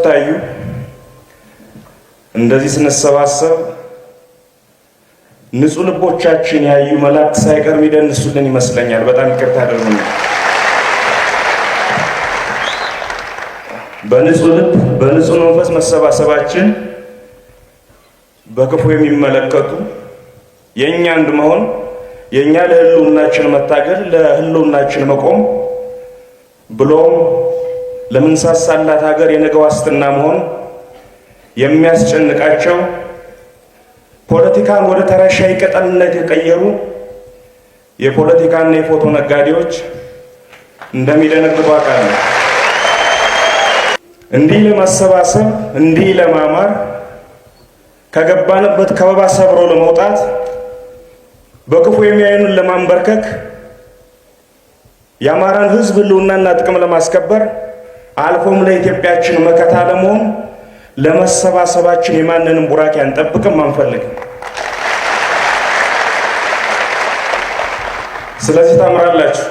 ሲታዩ እንደዚህ ስንሰባሰብ ንጹህ ልቦቻችን ያዩ መላእክት ሳይቀር ይደንሱልን ይመስለኛል። በጣም ይቅርታ አድርጉኝ። በንጹህ ልብ በንጹህ መንፈስ መሰባሰባችን በክፉ የሚመለከቱ የእኛ አንድ መሆን የእኛ ለህልውናችን መታገል ለህልውናችን መቆም ብሎም ለምንሳሳላት ሀገር የነገ ዋስትና መሆን የሚያስጨንቃቸው ፖለቲካን ወደ ተራ ቅጠልነት የቀየሩ የፖለቲካና የፎቶ ነጋዴዎች እንደሚደነግጡ አውቃለሁ። እንዲህ ለማሰባሰብ እንዲህ ለማማር ከገባንበት ከበባ ሰብሮ ለመውጣት በክፉ የሚያዩንን ለማንበርከክ የአማራን ሕዝብ ህልውናና ጥቅም ለማስከበር አልፎም ለኢትዮጵያችን መከታ ለመሆን ለመሰባሰባችን የማንንም ቡራኬ አንጠብቅም፣ አንፈልግም። ስለዚህ ታምራላችሁ።